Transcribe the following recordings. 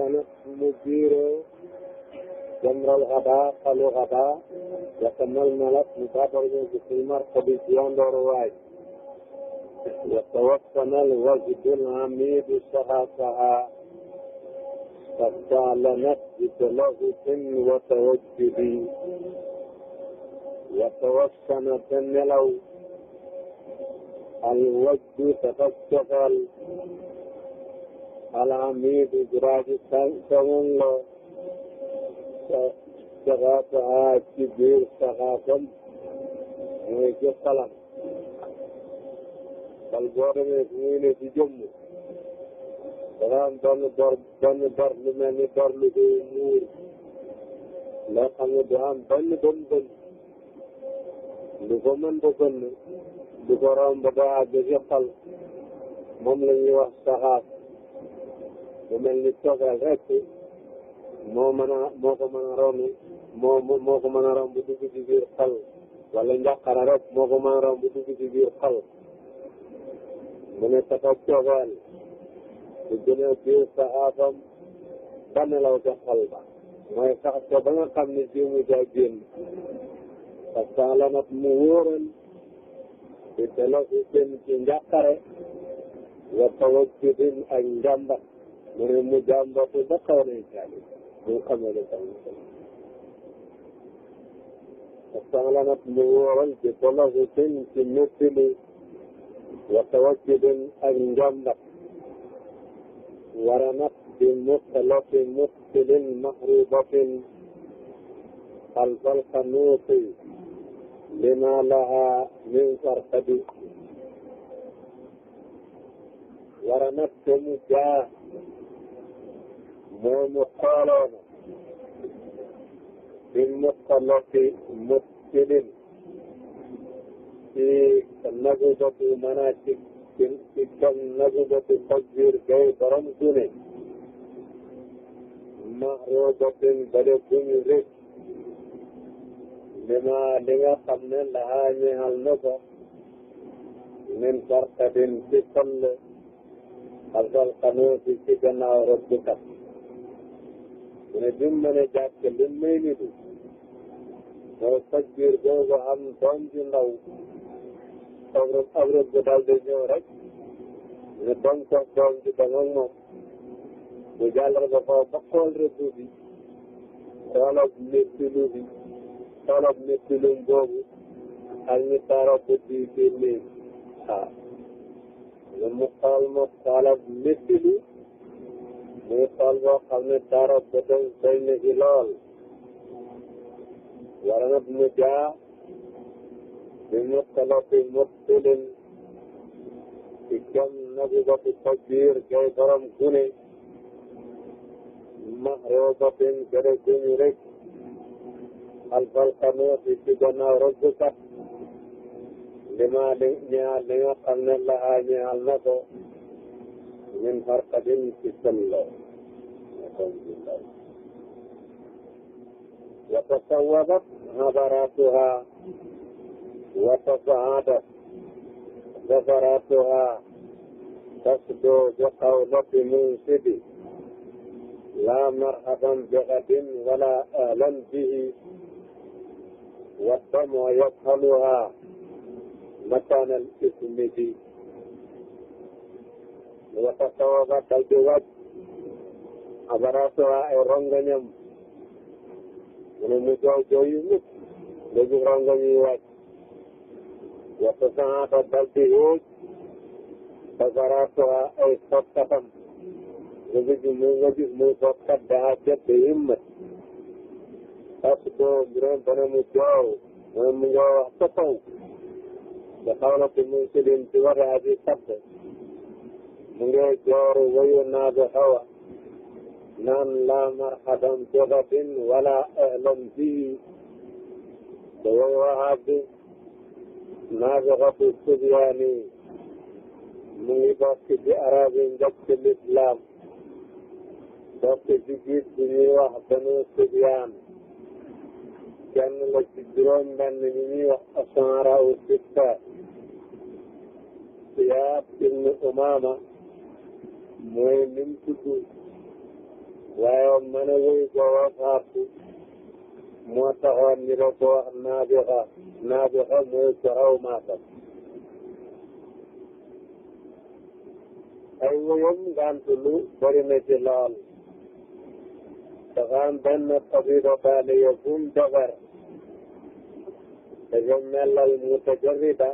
kanat mu biiroo jamral xadaa xalu xadaa yata mal malat mu baabarñoo bi fil markabi ci yandoor waay yata wassanal wajdul amidu saha saha فاستعلنت بتلغف وتوجد وتوسم تنلو الوجد تفكفل العميد إدراج سمنا ثقافتها كبير ثقافا ويجي قلم bal boo demee fu muy ne ci jëmm dafa am benn bor benn bor lu mel ni bor lu koy muur loo xam ne du am benn bën bën lu ko mën ba bënn du ko romb ba àgg ci xol moom la ñuy wax saxaaf bu mel ni toogal rek moo mën a moo ko mën a romb moo moo ko mën a romb bu dugg ci biir xol wala njàqara rek moo ko mën a romb bu dugg ci biir xol mu ne taxaw toogal su gën a biir sa aafam ba nelaw ca xol ba mooy sax ko ba nga xam ne jiw mu jaay génn parce que la nag mu wóoral di delloo si jëm ci njàqare wa tawajjudin ak njàmbat mu ne mu jaam ba ko ba xaw nañ caabi mu xamee ne tam استعلنت ظهور بطلب في مثل وتوكد أنجمت ورمت بمختلف مثل محروبة خلف القنوط لما لها من فرقد ورمتهم جاه moo mu xooloon bi mu xoloqi mu tilin ci nagu bëtu maanaam ci ci ci kam nagu bëtu xoj biir gay borom dune maxrubatin bale buñu rëcc li ma li nga xam ne laxaa ñeexal na ko min farqatin ci xol asal xanoo si ci gannaaw rëbb kat mu ne bi mu mënee jàpp que li may nitu mooy faj biir boobu am doom ju ndaw ab rëb ab rëb bu daal di ñëw rek ñu doom ko doom ji ba moom ba ba xool rëbb bi xoolal métti bi xoolal métti lu boobu ak muy tool boo xam ne dara bëtam doy na ci lool wara na mu jaa bi mu talati muttilin ci gune maxroo batin gëre guñu rek alfalqanuuti ci gannaaw rëbbkat li ma li ñaal li nga xam ne lahaa ñaal na ko min harqadin ci sën la wa tasawabat habaratuha wa tasaadat safaratuha tasdo bi qawlati munsibi la marhaban bi gadin wala ahlan bihi wa damu yadhaluha makan al ismi bi wata tawa ba dal di wàcc abaraasawa ay e rongañam mu ne mu jooy jooy yu nit nga gis rongañ yi wàcc wata saxaata dal di wóoj abaraasawa ay e sottatam nga gis mu nga gis muy sottat daa jot di himmat parce que juróom ba ne mu joow mu ne mu jooy wax ca kaw te mu si leen ci war a di mu ngee joor wayu naadu hawa naan laa marhaban bi gabin wala ahlan bihi te way waxaa bi naadu gabu subyaani mu ngi bokk ci arab yi ci lislaam bokk ci jiit bi ñuy wax banu subyaan kenn la ci juróom benn ñi ñuy wax asanra u sitta siyaab ibnu umaama mooy lim tudd waaye mën a wéy boo wax artu moo taxoon ñu doon ko wax naabixa naabixa mooy ko raw maasam ay wéyam ngàntu lu bëri na ci lool dafa am benn xabiba baale yo bu mu defar dafa melal mu tajarrida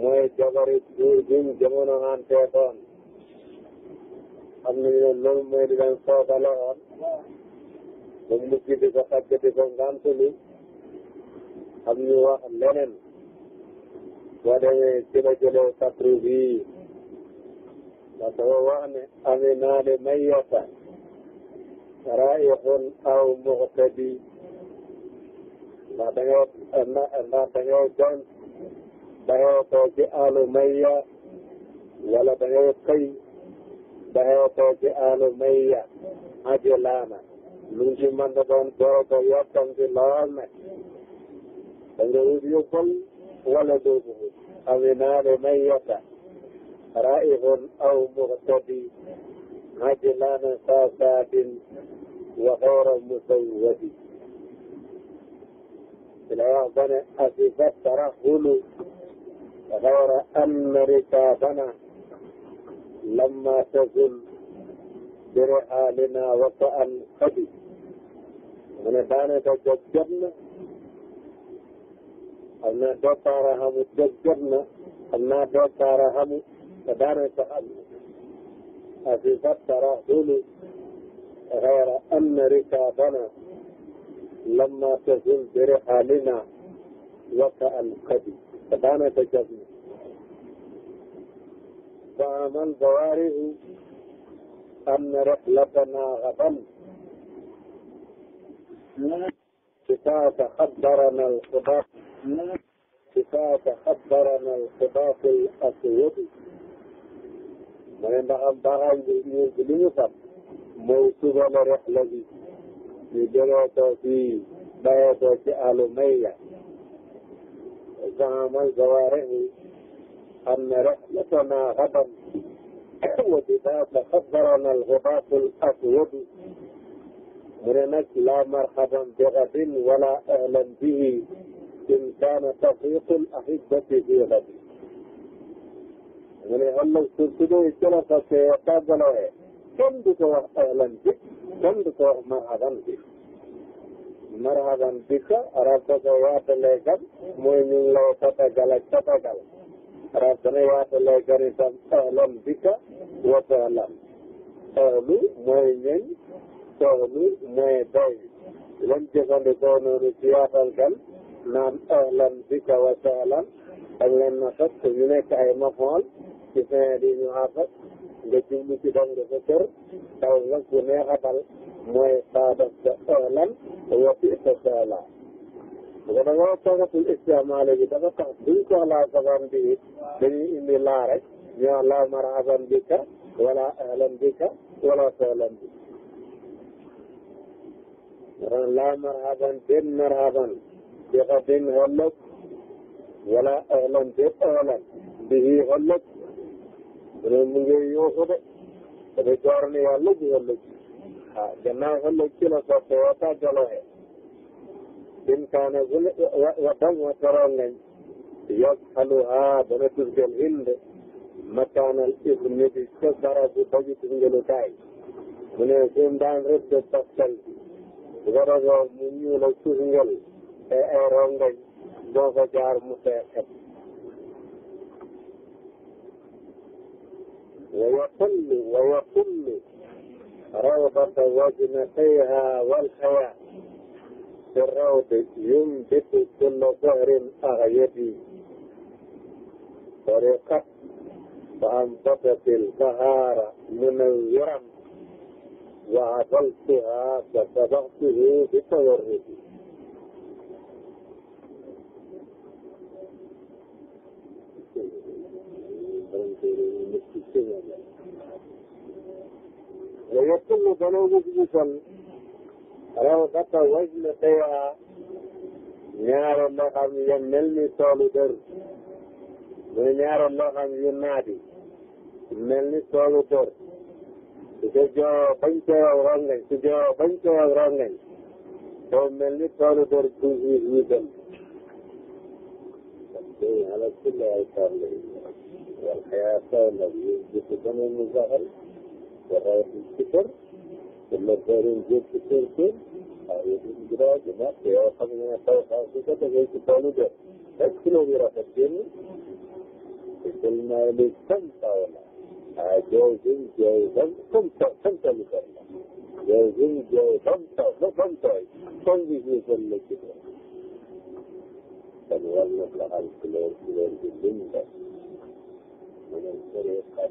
mooy jabari buur bi mu jamono anteetoon xam a ne loolu mooy di leen soobaloon ba mujj di ko xaj di ko ngantulu xam ñu wax leneen boo demee ci la jëlee satru bii parce que wax ne amina de may da ngay ci àllu may wala da ngay ba xew fee ci alu mayya ajulaana lu ci mën da doon boo ko yottanti lool nag da nga wut yóbbal wala doo ko wut aminaale mayyata raihun aw muxtadi ajulaana saasaatin wa xayra musawwadi la wax ba ne asifa tarahulu xayra anna rikaabana لما تزل برحالنا وطأ قدي mu ne daanaka jot jot na xam naa doo taara xamut jot jot na xam naa doo taara xamut te daanaka am na asifat tarahuli xayra ann rikaabana lamma tazul bi rihaalina wata an qadi te daanaka jot na فهم البوارث أن رحلتنا غدا كفاك خبرنا الخباث كفاك خبرنا الخباث الأسود mooy ndax am baaxal bi ñu li ñu xam mooy suba la rexla bi ñu jógee ko fii bàyyee ko ci àllu may ya zaamal gawaare yi أن رحلتنا غدا وبذاك خبرنا الغباط الأسود منك لا مرحبا بغد ولا أهلا به إن كان تفريط الأحبة في غد mu ne xam nga su su dee jëla fasee tàggaloo kenn du ko wax ahlan bi kenn du ko wax marhaban bi marhaban bi ka arab ko waatalee kat mooy ñu ngi lay tatagal ak tatagal rabbana waatale garitam ahlan bika wa sahlan ahlu mooy ñeñ soxlu mooy doy lañ jëfandikoo noonu ci yaatal kan naan ahlan bika wa sahlan dañ leen na fekk ñu nekk ay mafool ci fin di ñu àfak nga jublu ci dong sa kër taw nag bu mooy saadaf sa ahlan wa sa sahlan bu ko defee toogatul istiamaale bi dafa tax buñ soxlaa safaan bi dañuy indi laa rek ñu wax laa marhaban bika wala ahlan bika wala sahlan bika laa marhaban benn marhaban bi xadin xollëg wala ahlan benn ahlan bihi xollëg mu mu ngi yuuxu de dafa joor ni yàlla ji xollëg waaw ah, gannaaw xollëg ci la soppe woo tàggaloo imkaana bu ne wa dama toroon nañ yasxaluha dana tusgal hind makaanal ismi bi ca barabu daju tusgalukaay mu ne seen daan rëdd pastal bi bu ko defee mu ñuul ak tusgal te ay e rongañ boo fa jaar mu fee xet wa yaqullu wa yaqullu rawdata wajnatayha wal xayaa في الروض ينبت كل ظهر أغيدي طريقت فأنبتت البهار منورا وعضلتها فصبغته بتورده ويتم بلوغه raw dafa waj na teyaa ñaari loxam ya mel ni toolu dër muy ñaari loxam yu naati mel ni toolu dër su ko joo bañ teew ak rongañ su joo bañ teew ak rongañ mel ni toolu dër bu hiis wiisam على كل عقاب والحياة لم يثبت من المزهر وغاية الفكر te loolu da doon jël ci kër gi ah yow li mu gënoon di nekk yow xam nga ne taw taw bi kat da ngay ci toolu jot rek kilo bi rafet génn te jël naa li comme taw la ah jooy jëm jooy bam comme taw comme taw bi taw la jooy jëm jooy bam taw ba bam tooy comme bi ñu jël la ci tool kon war na la am couleur couleur bi lim la mu ne sëree xam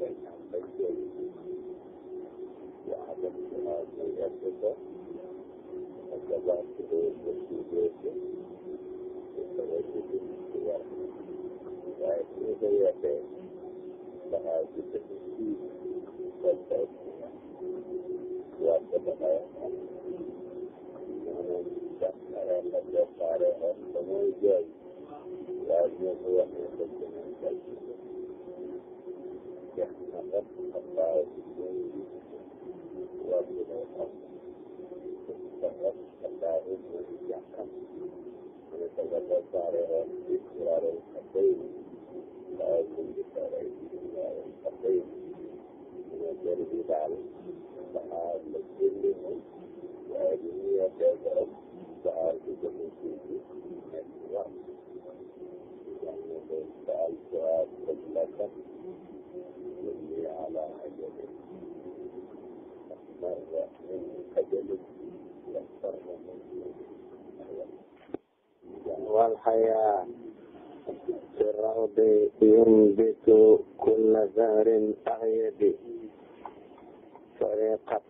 waaye ñoo ko wax ne jeex na rek xam naa ci loolu waa bi lay xam rek xam naa loolu yàqam ne daga ba pare rek ci kuraare ka bay waaye ku ngi pare ci kuraare ka bay ne jëri bi daal saxaar la jëndi mu waaye bi ñu yettee borom saxaar bi jëmu suuf bi nekk wax daal saxaar la lakkat على أجل ماذا من أجل يكثر من والحياة في الروض ينبت كل زهر أغيب فرقت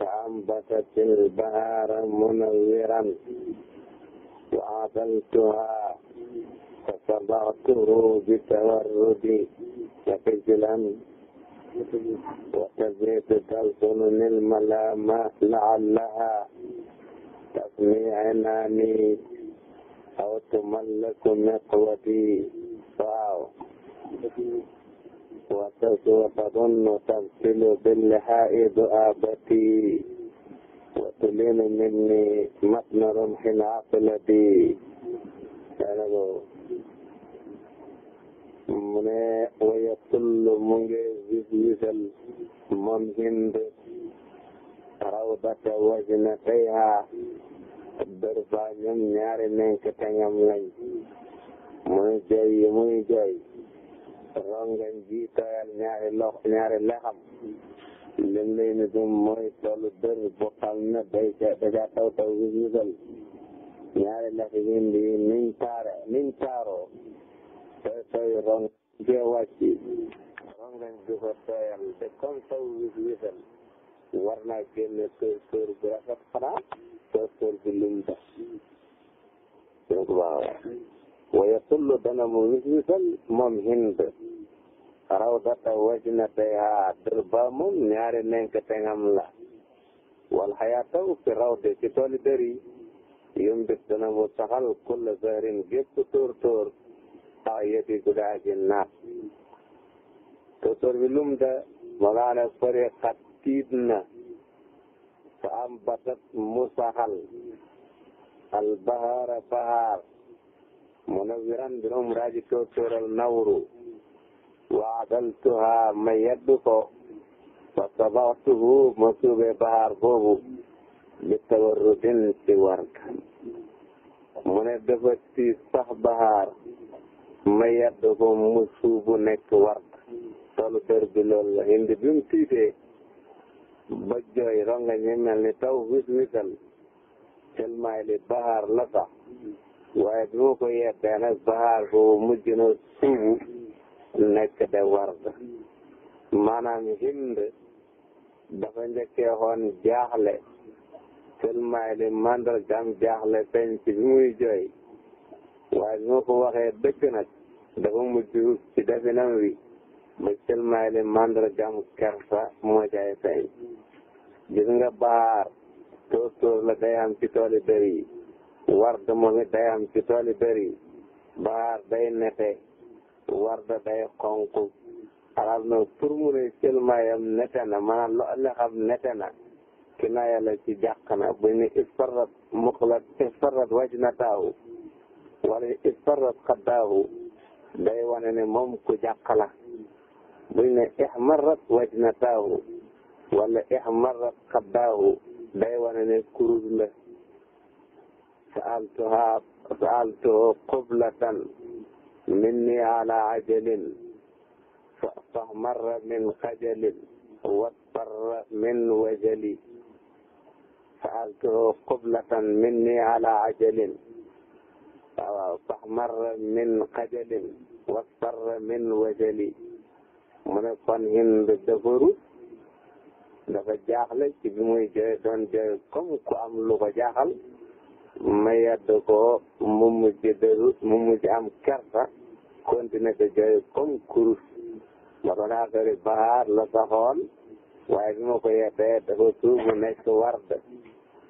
فأنبتت البهار منورا وعدلتها فصلعته بتوردي وخجلا وتزيد تلطن الملامة لعلها تفني عناني أو تملك مقوتي فاو وتظن تغسل باللحاء ذؤابتي وتلين مني مطمر حين عقلتي mu ne waya kull mu ngi wis wisal moom hind rawdata wajna tayha dër ba ñoom ñaari nekk tangam lañ muy mu yi muy jooy rongañ ji tooyal ñaari lox ñaari lexam lim lay ni dum mooy tollu dër bu xam ne day ca daja taw taw wis wisal ñaari lex yi niñ taare niñ taaroo tooy tooy rong dee wàcci rong nañ du ko tooyal te comme taw wis wisal war naa génne tóor tóor bu rafet xanaa tóor tóor bi lum def donc waaw waaye tullu dana mu wis wisal moom hind rawdata wajna tey haa dër baa moom ñaari nenk tengam la wal xayaataw fi rawde ci tooli dër yi yum bit dana mu saxal kulla zahrin gépp tóor tóor الطائفة كلها جنات تصور بلوم ده مغانا فري قتيدنا فأنبتت مسحل البهار بهار منورا بلوم راجي تصور النور وعدلتها من يدفو وطبعته مصوب بهار بوبو بتورد سوارك من يدفو السيس صح بهار ma yàddu ko mu suubu nekk ward tolu dër bi loolu la indi bi mu tiitee ba jooy ronga ñi mel ni taw wis wisal tel may li baxaar la sax waaye bi ma ko yeddee nag baxaar boobu mujj na suubu nekk de ward maanaam hind dafa njëkkee xoon jaaxle tel may li mandargaam jaaxle feeñ ci bi muy jooy waaye bi ma ko waxee dëkk nag dafa mujj ci definam wi mëccal may le mandargaam kersa moo jaay feeñ gis nga baar tóor tóor la day am ci tooli dër yi warda moom it day am ci tooli dër yi baar day nete warda day xonq arab na pour mu ne cëlmaayam nete na maanaam lu ëllëg xam nete na kinaaya la ci jàq na bu ñu isfarrat muqlat isfarrat wajnataahu wala isfarrat xaddaahu day wane ne moom ku jàq la buñ ne ihmarrat wajnataahu wala ihmarrat xaddaahu day wane ne kurus la sa'altuha sa'altuhu qiblatan minni ala ajalin fahmarra min xajalin wasfarra min wajali sa'altuhu qiblatan minni ala ajalin waaw fahmarra min xajalin wasparra min wajali mu ne kon Hind dafaru dafa jaaxle ci bi muy jooy doon jooy comme ku am lu ko jaaxal ma yedd ko mu mujj dëru mu mujj am kersa continué de jooy comme kurus ma doon affaire baar la saxoon waaye bi ma ko yeddee dafa tuub mu nekk ward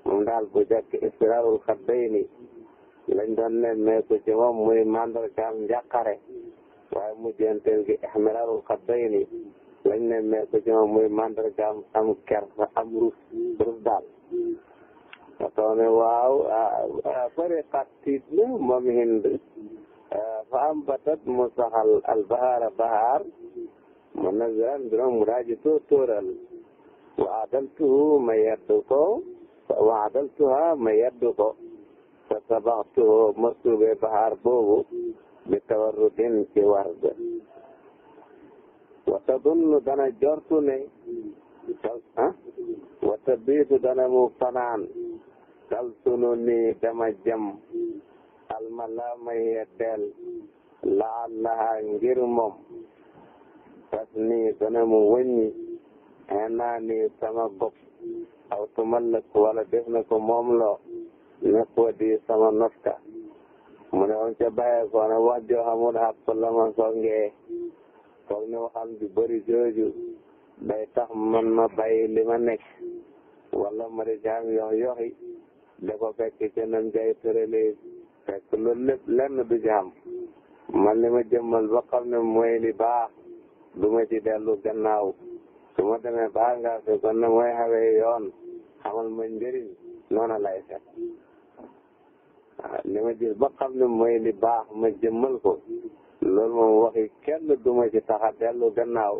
moom daal bu jëkk istirarul xaddayni lañ doon nemmee ko ci moom muy màndargaal njàqare waaye mujjanteel gi ixmiraarul xaddayni lañ ne mais ko ci moom muy mandargaam am kersa am rus rus daal nga taw ne waaw bëri ah, ah, xat tiit na moom hind ah, fa am batat mu saxal al bahaara bahaar mu nazaran mbirom mu daaji tóor tóoral waadaltuhu ma yeddu ko waadaltuha ma yeddu ko fa sabaxtuhu ma suubee bahaar boobu bi tawarrudin ci warga wa tadunnu dana jortu ne ah wa tabiitu dana mu fanaan tal sunu ni dama jëm almalaama yeddeel laallaha ngir moom fas nii dana mu wëññi xenaa ni sama bopp aw tumal la ko wala def na ko moom loo nekk wa di sama notka mu ne woon ca bàyyi ko na wax joo xamul ma waxam ju bëri jooju day tax man ma bay li ma nekk wala ma di jaam yox yoxi da ko fekk ca nam jay tëralee fekk loolu lépp lenn du jaam man li ma jëmmal ba xam ne mooy baax du ma ci dellu gannaaw su ma demee baax nga fekkoon ne mooy xawee yoon xamal ma njëriñ noona lay set Ah, li ma gis ba xam ne mooy li baax ma jëmmal ko loolu moom waxi kenn du ma ci taxa dellu gannaaw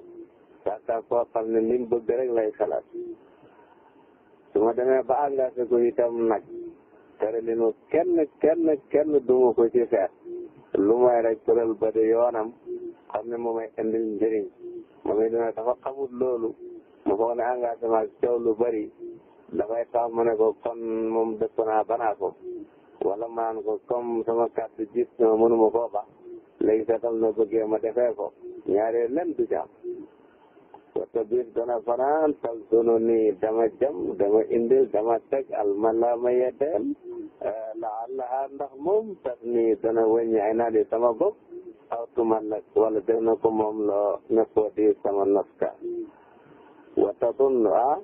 saaka koo xam ne ni mu bëgg lay xalaat su ma demee ba engagé ko itam nag tere li nu kenn kenn kenn du ma ko ci seet lu may rek tëral ba di yoonam xam ne moom may indil njëriñ moom it dina dafa xamut loolu mu foog ne engagement coow lu bari dafay tax mu ne ko kon moom dëpp naa banaa ko wala maan ko comme sama kàddu gis na mënuma koo ba léegi na bëggee ma defee ko ñaareel len du jàmm wata biir dana fanaan tal sunu nii dama jam dama indil dama teg almalama yedeel eh, la allaha ndax moom tas nii dana wëññi ay naa di sama bopp aw tuman nag wala def na ko moom loo ne koo di sama nafka wata sunnu ah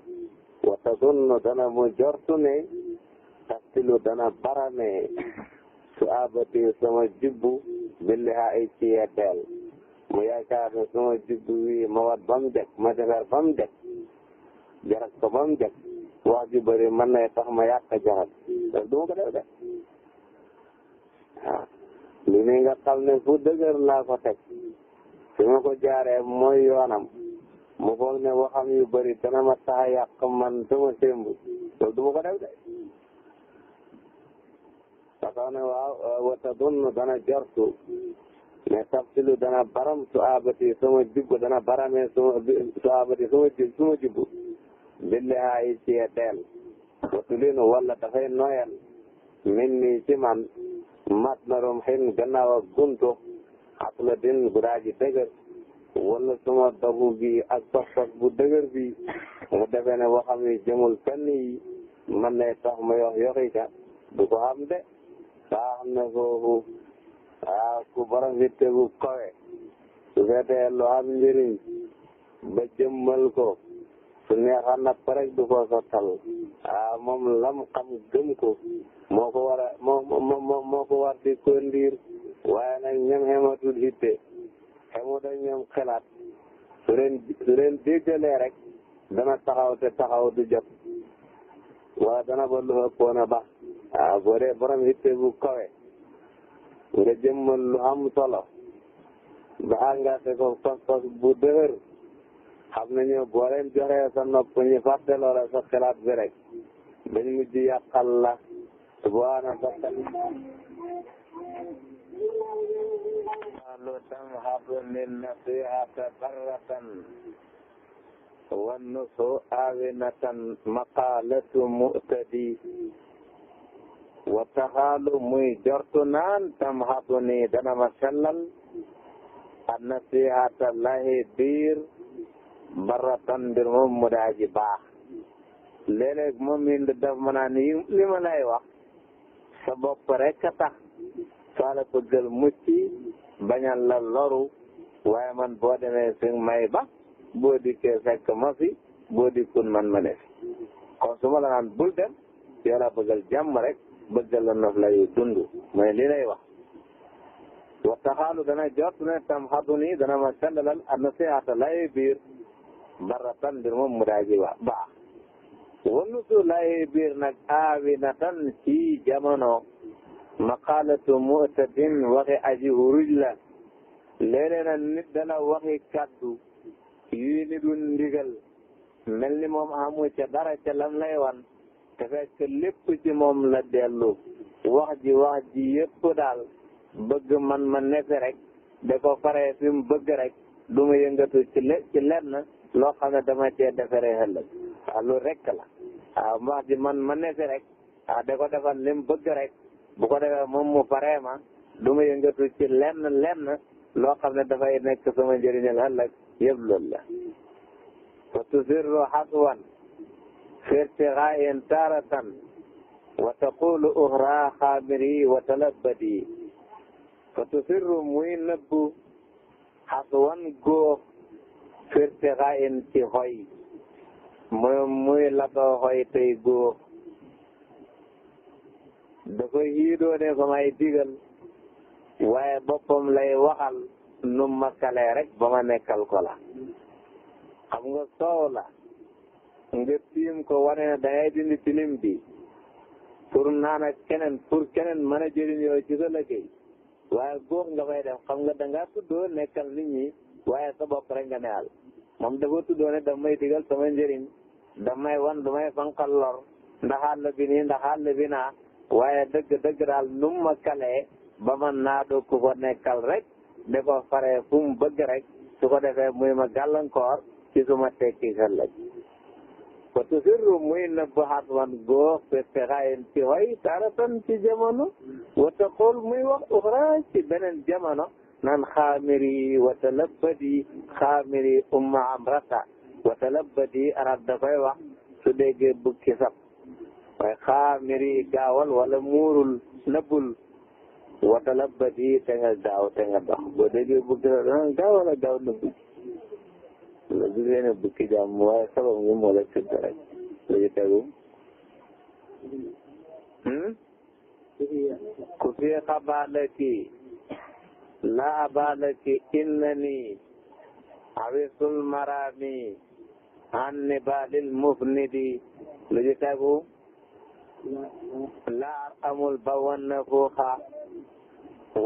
wata sunnu dana mu jortu ne tastilu dana barame su abati sama jubbu billi ha ay ci yetteel mu yaakaar ne sama jubbu wi ma wat ba mu dëkk ma defar ba mu dëkk jarat ko ba mu dëkk wax ju bëri na tax ma yàq jarat loolu du ma ko de waaw li ni nga xam ne fu dëgër laa ko teg su ko jaaree mooy yoonam mu foog ne waxam yu bëri dana ma tax a man sama sémb loolu du ma ko def de dafa ne waaw euh, wa tadunnu dana jortu mais tafsilu dana baram su abati sama jubbu dana barame sama su abati sama jub sama jubbu billahi ci deel watulinu wala dafay noyal min nii ci mat na rom xin gannaaw ak guntu xasla din gudaaji dëgër wala suma dogu bi ak pas bu dëgër bi mu defee waxam yi jëmul fenn man nay tax ma yox yoxi du ko xam daa xam ne foofu ah ku borom yitte gu kawe su fekkee lu am njëriñ ba jëmmal ko su neexoon na pare du ko sottal ah moom lam xam gëm ko moo ko war a moo moo ko war di kondiir waaye nag ñoom xamatul yitte xamut ak ñoom xelaat su leen su leen rek dana taxaw te du jot wala dana ba lu ëppoon a waaw boo dee hitte bu kawe nga jëmmal lu am solo ba engagé ko pas-pas bu dëgër xam nañu boo leen sa nopp ñu fàtte loola sa xalaat bi rek dañ mujj yàqal la subhaana bakkan lu tamhadu min nasihata barratan wa nusu awinatan maqalatu mu'tadi wa taxaalu muy jortu naan tam xatu dana ma sellal an nasihata lahi biir baratan mbir moom mu daa baax léeg-léeg moom it daf ma naan li ma lay wax sa bopp rek a tax soo la bëggal mucc bañal la loru waaye man boo demee si may ba boo dikkee fekk ma fi boo dikkun man ma ne fi kon su la naan bul dem yoo la bëggal jàmm rek bëgg la nof lay dund mooy li lay wax wa taxaalu dana jot ne tam xatu nii dana ma sellalal a nasihaata lay biir baratan mbir moom mu daa ji wax baax wanu su lay biir nag aawi na tan ci jamono maqaalatu mu'tadin waxi aji huruj la léeg-léeg nag nit dana waxi kàddu ni du mel ni moom amu ca dara ca lam lay wan te fekk lépp ci moom la dellu wax ji wax ji yëpp daal bëgg man ma nefi rek da ko faree fi mu bëgg rek du ma yëngatu ci le ci lenn loo xam ne dama cee defaree ëllëg waaw loolu rek la waaw wax ji man ma nefi rek waaw da ko defal li mu bëgg rek bu ko defee moom mu faree ma du ma yëngatu ci lenn lenn loo xam ne dafay nekk sama njëriñal ëllëg yëpp loolu la wa tusirru xaswan في ارتغاء تارة وتقول أخرى خامري وتلبدي فتصر muy nëbbu xaswan góor في ارتغاء ci xoy muy muy lato xoy tey góor da koy yiidoo ne ko may digal waaye boppam lay waxal nu ma kalee rek ba ma nekkal ko la xam nga soow la nga tiim ko wane ne dangay dindi tilim bi pour naan ak keneen pour keneen mën a jëriñoo ci sa liggéey waaye góox nga fay def xam nga dangaa tuddoo nekkal nit ñi waaye sa bopp rek nga ne al moom dafa tuddoo ne damay digal sama njëriñ damay wan damay fanqal lor ndax àll bi nii ndax àll bi naa waaye dëgg dëgg daal nu ma kalee ba man naa doog ku ko nekkal rek di ko fare fu bëgg rek su ko defee muy ma gàllankoor ci suma tekki ëllëg fa tusirru muy nëbbu xatman góor fi tixaayin ci way taratan ci jamono wa taqul muy wax uxra ci beneen jamono nan xaamiri wa talabbadi xaamiri umma amrata wa talabbadi arab da koy wax su déggee bukki sab waaye xaamiri gaawal wala muurul nëbbul wa talabbadi te nga gaaw te nga dox boo déggee bukki sab dana gaaw wala gaaw nëbbu la gisee ne bukki jàmm waaye sabab ngi moo la tudd rek lu ci tegu ku fi xabaalaki la abaalaki innani awisul marami an nibalil mufnidi lu ci tegu la amul ba wanna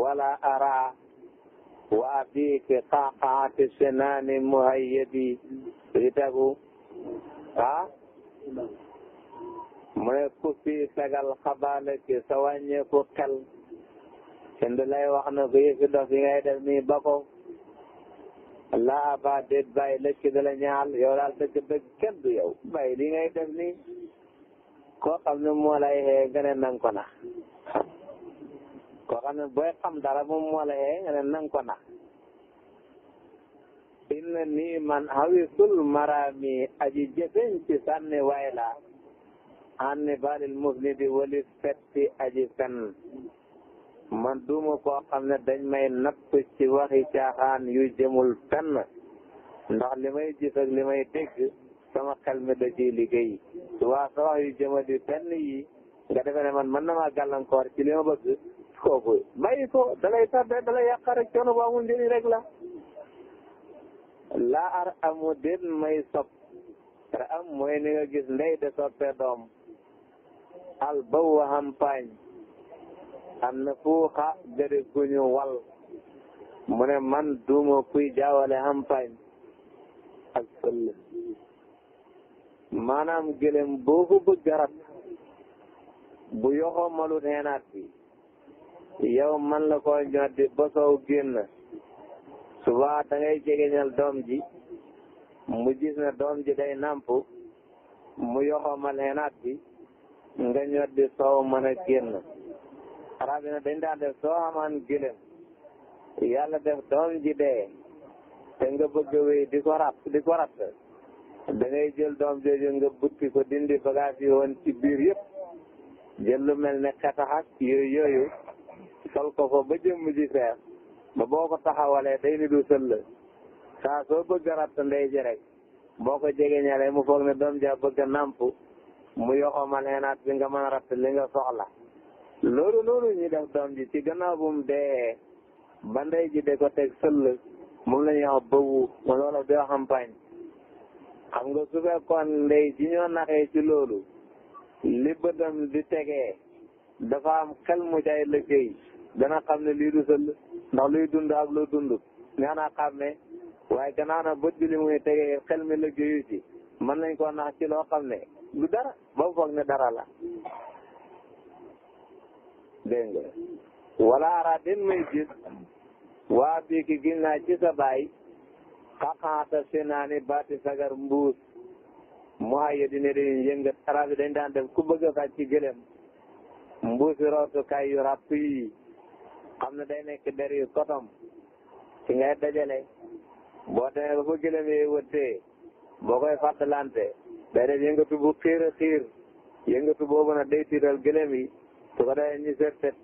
wala ara waa bii ki qaqaati sinaani muhayyadi li tegu ah mu ne ku fi sagal xabaale ki sa wàññeeku xel kenn du wax na ko yëfi dof yi ngay def nii ba ko laa ba déet bàyyi lëcc da la ñaal yow daal dëgg dëgg kenn du yow bàyyi li ngay def nii koo xam ne moo lay koo xam ne booy xam dara moom moo la yee nga ne nang ko nax inna nii man hawisul marami aji jëfeñ ci sànni waay la an ni balil musnidi wali fetti aji fen man duma koo xam ne dañ may napp ci waxi caaxaan yu jëmul fenn ndax li may gis ak li may dégg sama xel mi da ciy liggéey waa sa wax yu jëmal yu fenn yi nga defee ne man mën na maa gàllankoor ci li ma bëgg kooku bàyyi ko dalay tardé dalay yàq rek coono bu amul njëriñ rek la laa ar amu déet may sopp ra am mooy ni nga gis ndey de soppe doom al baw wa hampaañ am na fuuxa gëri guñu wal mu ne man duuma kuy jaawale hampaañ ak fëll maanaam gëlëm boo ko bëgg garab bu yoxoo malut xeenaat bi yow man la koo ñoddi ba soow génn souvent da ngay jegeñal doom ji mu gis na doom ji day namp mu yoxoomal xenaat bi nga ñoddi soow mën a génn arab yi dañ daan def soo amaan gëlëm yàlla def doom ji dee te nga bëgg a wéy di ko rat di ko rat da jël doom jooju nga butti ko dindi bagage yi woon ci biir yëpp jël lu mel ne kataxak yooyu yooyu sol ko ko ba jëmm ji fees ba boo ko taxawalee day ni du sëll saa soo bëgg a ratt ndey ji rek boo ko jegeñalee mu foog ne doom ja bëgg a mu yoxoma leenaat bi nga mën a ratt li nga soxla loolu noonu ñuy def doom ji ci gannaaw bu mu dee ba ndey ji de ko teg sëll moom la ñuy wax bëwu ma loola bi wax campagne xam nga su fekkoon ndey ji ñoo naxee ci loolu li bëtam di tegee dafa am xel mu cay liggéey dana xam ne lii du sëll ndax luy dund ak lu dundut ñaanaa xam ne waaye gannaaw na bët bi li muy xel mi liggéeyu ci mën nañ koo nax ci loo xam ne lu dara ba mu ne dara la dégg nga wala ara den may gis waa bii ki gis naa ci sa baay xaqaata sinaani baati sagar mbuus mu haye di ne dañuy yëngat arab yi dañ daan def ku bëgg a faj ci gëlëm mbuusi rootukaay yu ràpp xam ne day nekk der yu kotom ci ngay dajale boo demee ba ko gëlëm yi wëttee boo koy fàttalante day def yëngatu bu xiir a xiir yëngatu boobu nag day tiital gëlëm yi su ko defee ñu seet seet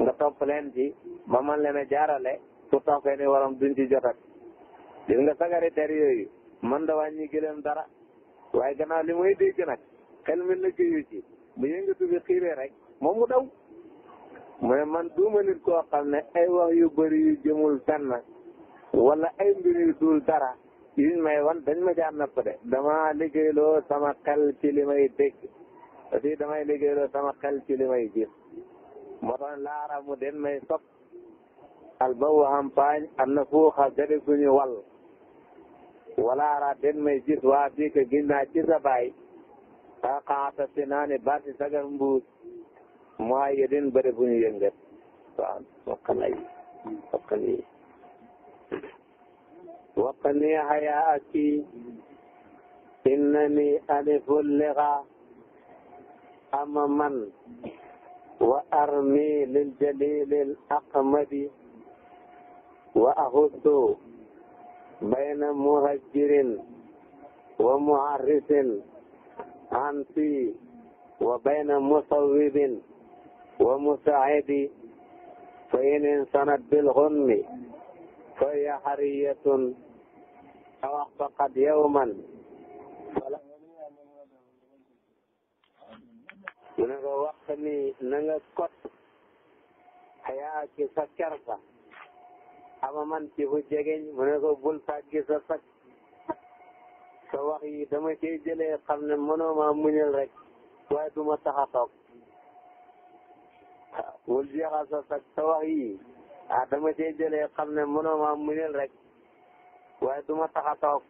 nga topp leen ci ba man leen a jaarale pour tax seeni waram duñ ci jot ak gis nga sagari der yooyu man da ñi gëlëm dara waaye gannaaw li muy dégg nag xel mi liggéeyu ci bu yëngatu bi xiiree rek moom mu daw mu man du nit koo xam ne ay wax yu bëri yu jëmul fenn wala ay mbir yu dul dara yuñ may wan dañ ma caa napp de dama liggéeyloo sama xel ci li may dégg aussi damay liggéeyloo sama xel ci li may gis moo laara mu den may sopp albawu hampaañ am na fuuxa gade guñu wal walaara den may gis waa bii ka ginnaa ci sa baay aa kaata sinaani baati sagar mbuus mooy yéen bëri bu ñu yëngat waaw bokkal ay yi waqani hayaa aki innani aliful liqa ama man wa armi lil jalilil aqmadi wa axuddu bayna muhajirin wa muharrisin ansi wa bayna musawwibin wa musaahidi fa in insanat bil xunmi fa hiya xariyatun aw axfaqat yawman mu ne ko wax ni na nga kot xayaa ci sa kersa ama man ci fu jegeñ mu ne ko bul tàggi sa sag sa wax yi dama cee jëlee xam ne mënoo maa muñal rek waaye du ma tax a toog wul jeexal sa sag sa wax yi ah dama cee jëlee xam ne mënoo maa muñal rek waaye du ma tax a toog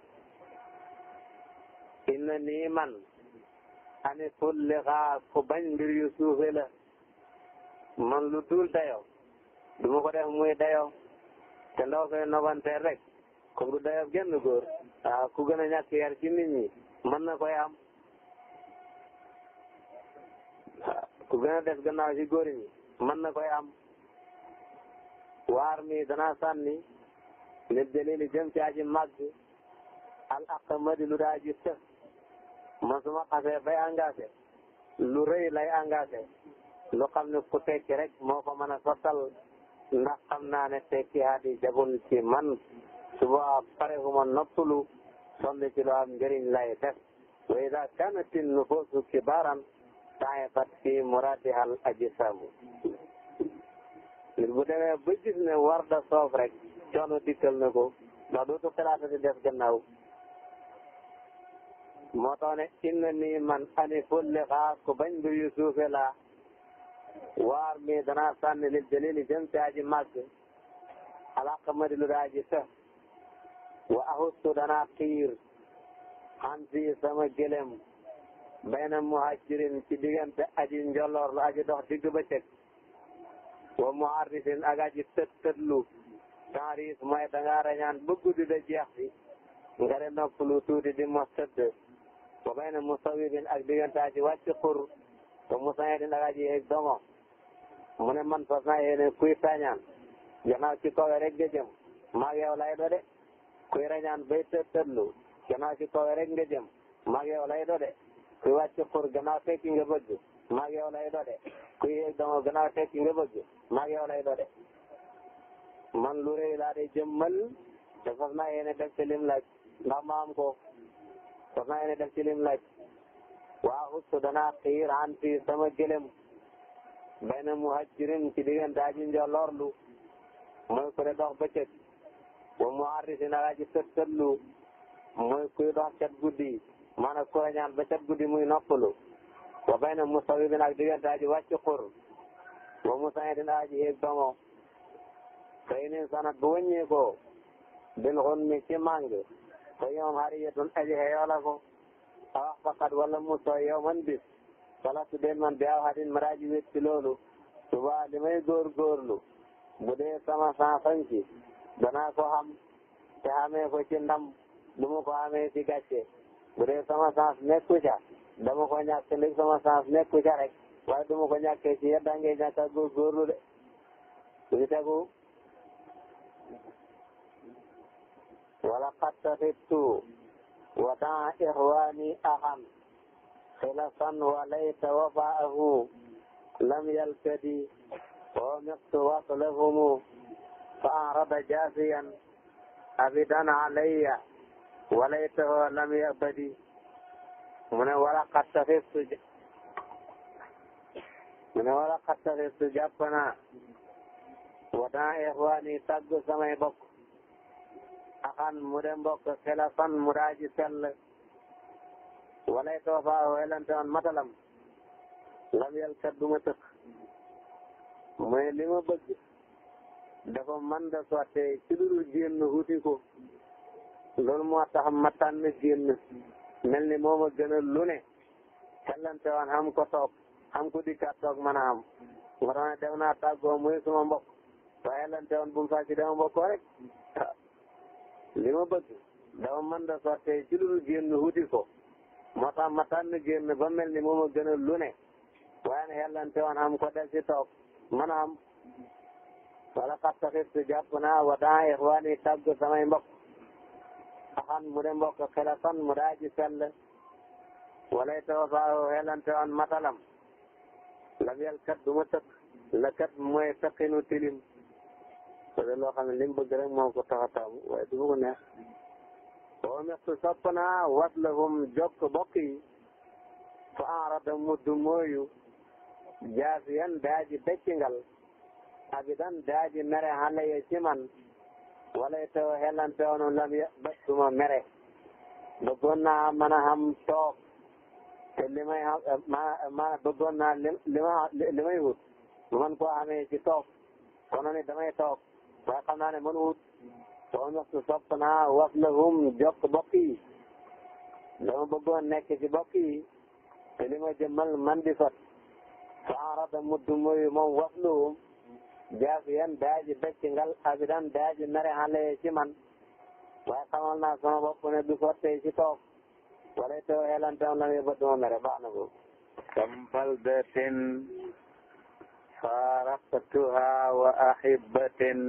inna nii man ani kulli xaar ku bañ mbir yu suufe la man lu dul dayo du ko def muy dayo te ndaw koy nobanteel rek comme dayo genn góor ah, ku gën a ñàkk yar ci mën na koy ah, ku gën a def gannaaw ci góor ñi mën na koy am waar mi danaa sànni ne dalili jëm ci aji màgg al aqamadi lu daa ji të man su ma bay engagé lu rëy lay engagé lu xam ne ku tekki rek moo ko mën a sottal ndax xam naa ne tekki haadi jabun ci man suba pare huma noppalu sonn ci lu am njëriñ lay def wa ida kanat in nufuusu kibaran taayifat fii muradihal ajsaamu nit bu demee ba gis ne war da soof rek coono dikkal na ko ndax dootu xalaat di def gannaaw moo tax ne inna man ani fulli xaar ku bañ mbir yu suufe waar mi danaa sànni li dalili jëm si aji màgg alaqamadi lu daa ji të wa ahuttu danaa xiir xan si sama gëlem bayna muhajirin ci diggante aji njolloor lu aji dox digg bëccëg wa muharrisin ak aji tët tëtlu tenris mooy dangaa rañaan ba guddi da jeex bi nga de nopp lu tuuti di mos tëdd wa bayna musawibin ak diggante aji wàcc wa musayidin ak aji yeeg dongo mu ne man fas naa yéene kuy sañaan gannaaw ci kawe rek nga jëm maag yow lay do de kuy rañaan bay tët tëtlu gannaaw ci kawe rek nga jëm maag yow lay do de kuy wàcc xur gannaaw fekk nga bëgg maag yow lay dode kuy yéeg dama gannaaw fekk nga bëgg maag yow lay dode man lu rëy laa de jëmmal te fas naa yéene def ci lim laaj ndax ma am ko fas naa yéene def ci lim laaj waa xustu danaa xiir an fii sama gëlëm benn muhajirin ci diggante aji njolorlu mooy ku de dox bëccëg wa muharrisin ak aji sëttëllu mooy kuy dox cat guddi maanaam ku rañaan ba cat guddi muy noppalu wa bay na mustawi bi nag diggante aji wàcc xur wa musaye dina aji yéeg ba moom fay nin sanat bu wëññeekoo bil xun mi ci màng fa ñoom hariyatun aji xeyoo la ko a wax faqat wala mustawi yow man bis fala su deen man biaw hadin ma raaji wét ci loolu suba li may góorgóorlu bu dee sama sansan ci danaa ko xam te xamee ko ci ndam du ko xamee ci gàcce bu dee sama chance nekku dama ko ñàkk léegi sama chance nekku ca rek waaye duma ko ñàkkee ci yedda ngay ñàkk a góorgóorlu de su ci tegu wala xattaxittu wadan ixwani axan xilafan walayta wafaahu lam yaltadi ومقت وصلهم فأعرض جافيا أبدا علي wala it too lam yabadi mu ne wala xattafif tu mu ne wala xattafif tu jàpp naa wadan ixwaani tàgg samay bokk axan mu de mbokk xelafan mu daaji sell wala it too faa weelante woon matalam lam yal kat du ma tëkk mooy li ma bëgg dafa man da sottee ci lu dul génn wuti ko loolu moo tax ma tànn génn mel ni moo ma gënal lu ne xellante woon xam ko toog xam ko dikkaat toog mën a am ma doon dem naa tàggoo muy suma mbokk ba xellante woon bu mu rek li ma bëgg dama mën da sorte ci lu dul génn wuti ko moo tax ma tànn génn ba mel ni moo ma gënal lu ne waaye nag xellante woon xam ko def ci toog mën a am wala xat taxit jàpp naa wa daa ixwaani tàgg samay mbokk axan mu de mbokk xelafan mu daa ji sell walay tawafaahu on matalam lam yel kat du ma tëkk la kat mooy tëkkinu tilim so de loo xam ne li mu bëgg rek moo ko tax a taamu waaye du ko neex wa mextu sopp jokk bokk yi fa arada muddu mooyu jaasiyan daa ji beccingal abidan daa ji mere xale ya wala it teew xelante woon lam ba su ma mere bëggoon naa mën a xam toog te li may xam maanaam bëggoon naa li wut bu man koo xamee ci toog kono ni damay toog waaye xam naa ne man wut soo mu si sopp naa was la hum bëggoon nekk ci bokk yi te li ma jëmmal man di sot saa rata mudd muy moom was la hum jaafiyan daaji beccingal abidan daaji mere xale e ci man waaye xamal naa sama bopp ne du ko tey ci toog wala itoo xeelantam la muy ba duma mere baax na ko kambal datin faaraqtuha wa ahibatin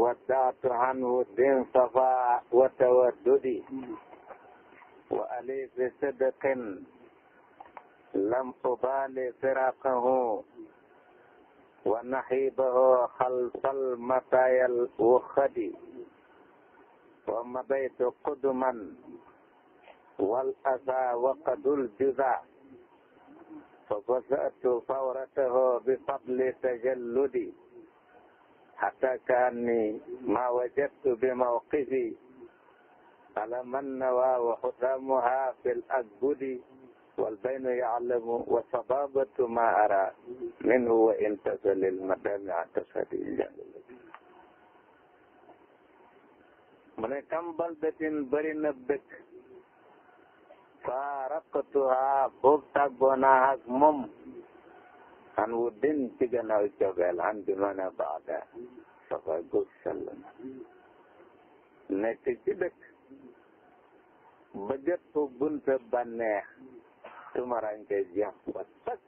waddaatu anhu din safa wa tawaddudi wa alifi sidqin lam ubali firaqahu wa naxiibahu xalfal masaayal waxadi wa mabaytu quduman wal asa waqadul juza fa basatu fawratahu bi fadli tajalludi xata kaanni ma wajadtu bi mawqifi alaman nawa wa xutamuha fi l akbudi wal baynu yaalamu wa sababatu ma ara minhu wa in tasalil madami tasadi mu ne kam baldatin bëri na dëkk fa raqatuha boobu tàggoo naa an wu ci gannaaw cobeel an bi mën baada safa góob sell na nekk ci dëkk ba jot fa bunte su ma ràññee jeex ba tàkk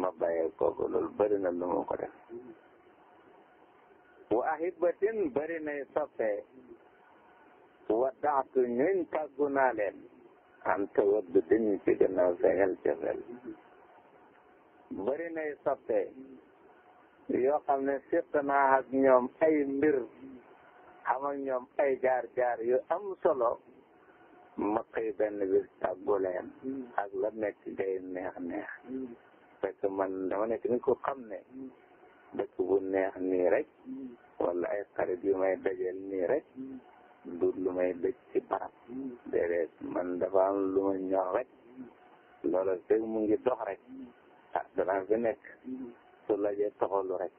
ma bàyyee kooku loolu bëri na lu ma ko def wa ahibatin bëri nay soppee wa daxtu ñuñ tàggu naa leen am tawaddu din ci gannaaw fexeel cofeel bëri nay soppee xam ne seq naa ak ñoom ay mbir xam ñoom ay jaar-jaar yu am solo ma xëy benn bi tàggoo leen ak la nekk day neex neex fekk man dama nekk nit ko xam ne dëkk bu neex nii rek wala ay xarit yu may dajeel ni rek duut lu may dëj ci barab déedéet man dafa am lu ma ñor rek loola fekk mu ngi dox rek ah danaa fi nekk su lajee toxalu rek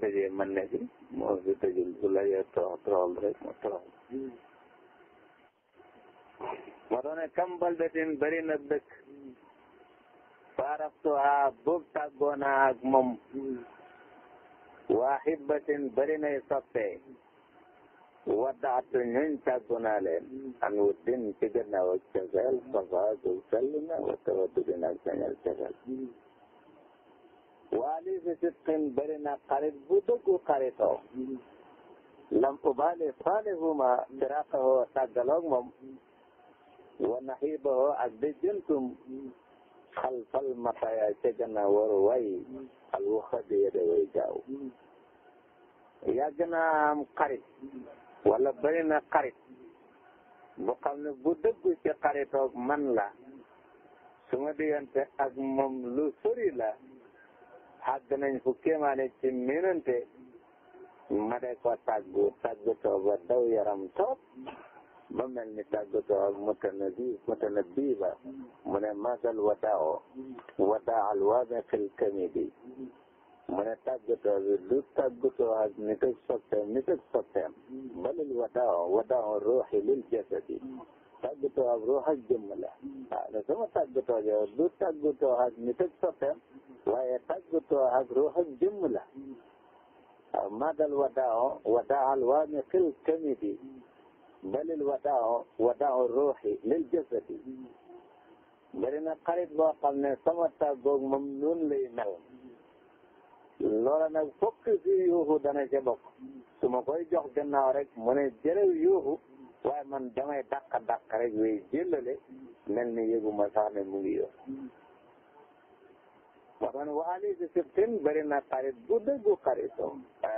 man ma nekk moo fi tëjul su la yee torox toroxal rek ma toroxal moo tax ne kam baldatin bëri na dëkk faaraftuha boog tàggoona ak moom waa xibbatin bëri nay soppee waddaatu ñuñ tàggoona leen an wuddin ci gannaaw ak cofeel safa ak sell na wa tawaddudin ak sañal cofeel waali fi sidqin bëri na xarit bu dëggu xaritoo lam ubaale faale huma diraqahoo sàggaloog moom wa naxiibahoo ak dëjjantum xalfal mataya ca gannaaw waru way alwaxadiya da way jaaw yàgg naa am xarit wala bëri na xarit bu xam ne bu dëggu ci xaritoog man la su ma diggante ak moom lu sori la àgg nañ fu kéemaane ci miinante ma de ko tàggu tàggatoo ba daw yaram toog ba mel ni tàggatoo ak mutanabi mutanabi ba mu ne magal wadaao wadaa al waabeqil kamidi mu ne tàggatoo bi du tàggatoo ak nit ak soppeem nit ak soppeem balil wadaao wadaao ruuxi lil jasadi tàggatoo ak ruux ak jëmm la waaw ne sama tàggatoo yow du tàggatoo ak nit ak soppeem waaye tàggatoo ak ruux ak jëmm la waaw madal wadaaho wadaaxal waame xil kamidi balil wadaaho wadaaxu ruuxi lil jasadi bari na xarit boo xam ne sama tàggoog moom noonu lay mel loola nag fokk si yuuxu dana ca bokk su ma koy jox gannaaw rek mu ne jërëw waaye man damay dàq dàq rek way mel ni yëguma sax ne mu waxoon waali bi sibtin bëri na xarit bu dëggu xaritoom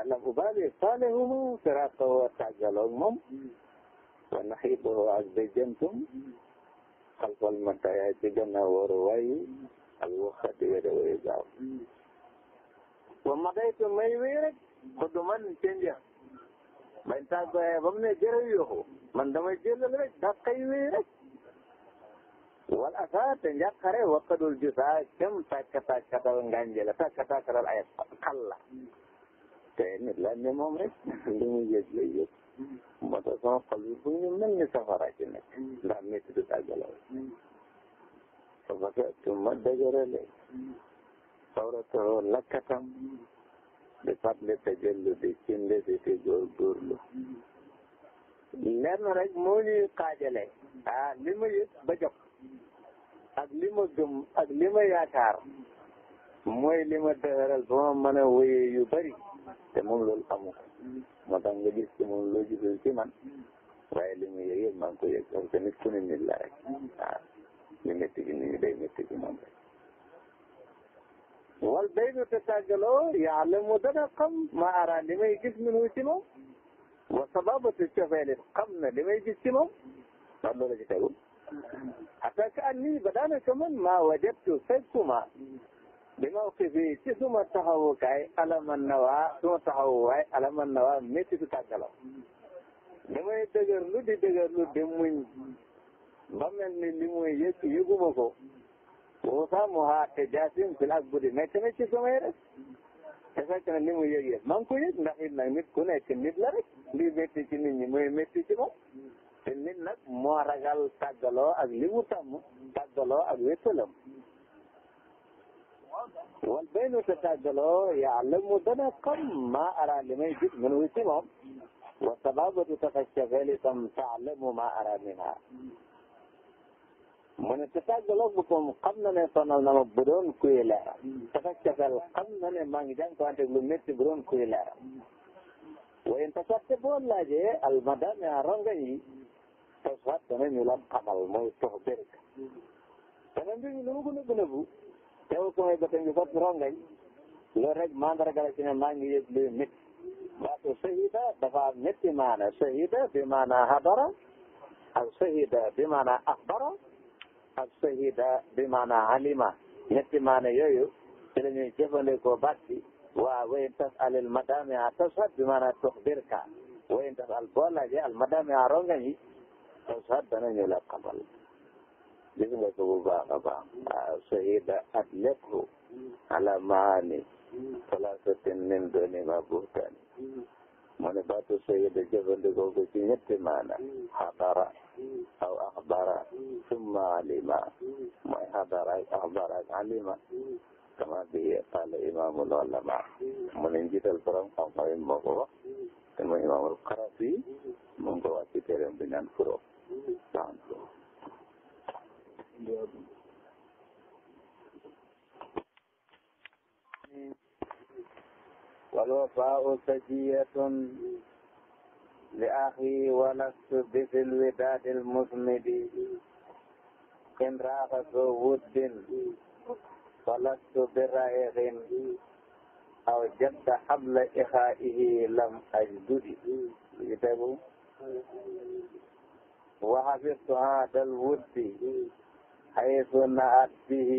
lam ubaali saalihuhu siratowo tàggaloog moom wa naxiibuhu ak béjjantum xalfal mataya ci gannaaw waru wayi ak waxati wéde wayu gaaw wa madaytu may wéy rek xuddu man tenja bañ tàggoyee ba mu ne jërëw yooxu man damay jëlal rek da kay wéy rek wal asa te njàqare waqadul jusa cam takka takkatal ngànje la takka takkatal ay xal la te nit la ne moom rek li muy yëg lay yëg moo tax sama xol bi fu ñu mel ni safara ci nekk ndax nit du tàggalaw parce que ma dëgërale sawratoo lakkatam di fàttali te jëllu di cinde di te góorgóorlu lenn rek moo ñuy xaajale ah li ma yëg ba jóg ak li ma gëm ak li ma yaakaar mooy li ma dëgëral ba ma mën a wéyee yu bari te moom loolu amu ko moo tax nga gis ci moom loo gisul ci man li mu yëg yëpp maa ngi ko yëg parce que nit ku ne li métti ci nit ñi day métti ci moom rek wal day nu ma araan li may gis minu ci moom wa sababatu cofeelit xam na li may gis ci moom ndax loolu ci tegu حتى كأني بدانك من ما وجدت سجتما بموقفي ثم تحوكاي ألم النوى ثم تحوكاي ألم النوى ميتي تتعجلو damay dëgërlu di dëgërlu di muñ ba mel ni li muy yëg yëguma ko boo saamu haa te jaasim fil ak buddi nekk na ci samay rek te fekk na li muy yëg yëg maa ngi ko yëg ndax nit ku nekk nit la rek lii métti ci nit ñi mooy métti ci moom te nit nag moo ragal tàggaloo ak li mu tàmm tàggaloo ak wéttalam wal benn te tàggaloo yàlla mu dana xam maa ara li may gis mën wu ci moom wa sababatu tafaccafeel itam taalamu maa ara minha mu ne te tàggaloo boppam xam na ne sonal na ma bu doon kuy leeral tafaccafeel xam na ne maa ngi jànkuwante lu métti bu doon kuy leeral waaye te sax te boo laajee almadame ronga yi taswaat dana ñu lan xamal mooy tox bérik dana mbir mi lu mu gën a gën a bu teew samay bët ngi fat rongañ loolu rek mandarga la ci ne maa ngi yëg luy nit baatu sahida dafa am maana sahida bi maana hadara ak sahida bi maana axbara ak sahida bi maana alima ñetti maana yooyu ci la ñuy jëfandikoo baat bi waa wayn tas alil madame a taswaat bi maana tox birka wayn al boo laajee al madame a rongañ aw sax danañu la xamal gis nga ko bu baax a baax ah, sahida adlekhu ala maani salaasatin min dooni ma buhtani mu ne baatu sahida jëfandikoo ko ci ñetti maana xadara aw axbara summa alima mooy xadara axbara alima kama bi qaala imaamul ulama mu ne njiital borom xam-xam moo ko wax te mu imaamul Qarafi mu ngi ko bi naan Furuuq والوفاء سجية لأخي ولست بذي الوداد المسند إن راغ ذو ود فلست برائغ أو جد حبل إخائه لم أجدد وحفظتها ذا الود حيث نأت به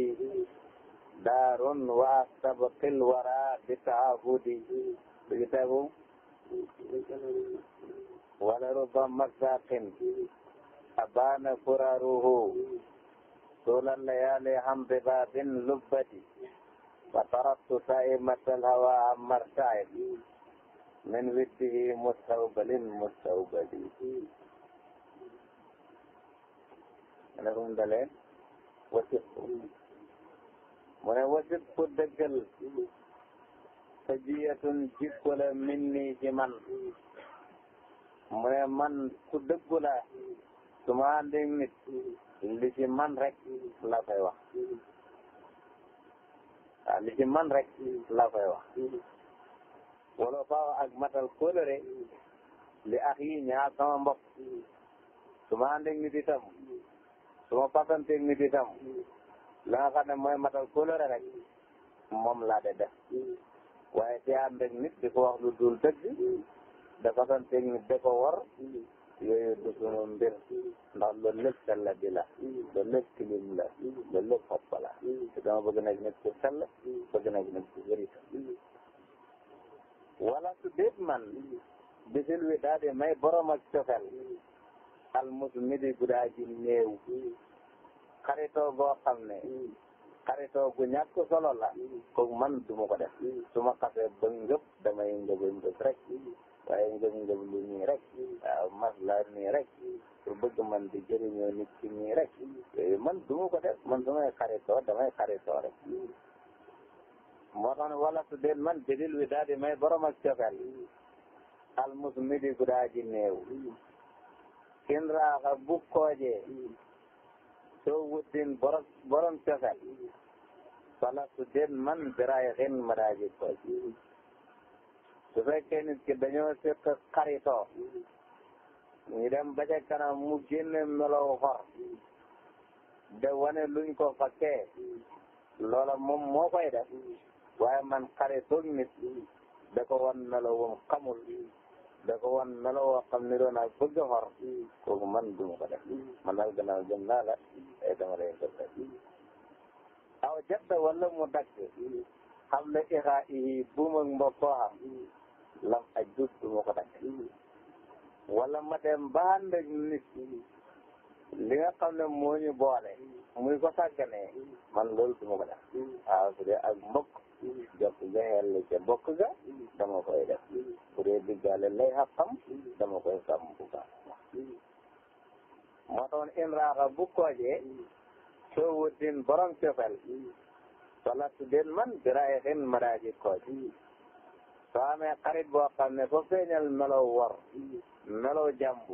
دار وأستبقي الورى بتعهد كتاب ولربما ساق أبان فراره طول الليالي عن ضباب لبتي وطردت سائمة الهوى عما ارتعب من وده مستوبل مستوبل lahum daleen wasiqu mu ne wasiqu dëggal sajiyatun jikko la min nii ci man mu ne man ku dëggu laa su ma li ci man rek la koy wax waaw li ci man rek la koy wax wala faawa ak matal kóolëre li ax yi sama mbokk su ma àndeeg nit su ma pasanteeg nit itam la nga xam ne mooy matal kóllëre rek moom laa de waaye te ànd nit di ko wax lu dul dëgg da pasanteeg nit da ko war yooyu du sunu mbir ndax loolu lépp sell bi la loolu lépp kilim la loolu lépp xopp la te dama bëgg nag nit ku sell bëgg nag nit ku wérita wala su déet man bisil wi daal may borom ak cofel almus mi di gudaa ji néew xaritoo goo xam ne xaritoo gu solo la kooku man du ko def suma ma xasee ba ngëb damay ngëba ngëb rek waaye ngëb ngëb lu nii rek waaw mas la nii rek pour bëgg man di jëriñoo nit ci nii rek yooyu man du ma ko def man su may damay xaritoo rek moo ne wala su man jëlil wi daal di may borom ak cofeel almus mi di gudaa ji in raaxa bu koojee soo wutin borom borom cofet wala su den man biraay xin ma daa ji su fekkee nit ki dañoo séq xaritoo ñu dem ba ca kanam mu génne melow xor de wane luñ ko fakkee loola moom moo koy def waaye man xaritoog nit da ko wan melow wum xamul da ko wan melo woo xam ne doon naa bëgg a man du ko def man daal gannaaw gëm naa la ay dama lay dëgg aw jatta wala mu dagg xam ne ixaa yi buum ak mbokkoo xam lam aj dut du ma ko ma dem ba ànd ak nit li nga xam ne moo ñu boole muy ko sàgganee man loolu du ma ko def waaw su ak mbokk jokk ga xel la ca bokk ga dama koy def bu dee diggaale lay koy sàmm bu baax moo taxoon imraaxa bu koojee soo wutin borom cofel wala su den man biraay xin maraaji kooj soo amee xarit boo xam ne foo feeñal meloo wor meloo jàmbu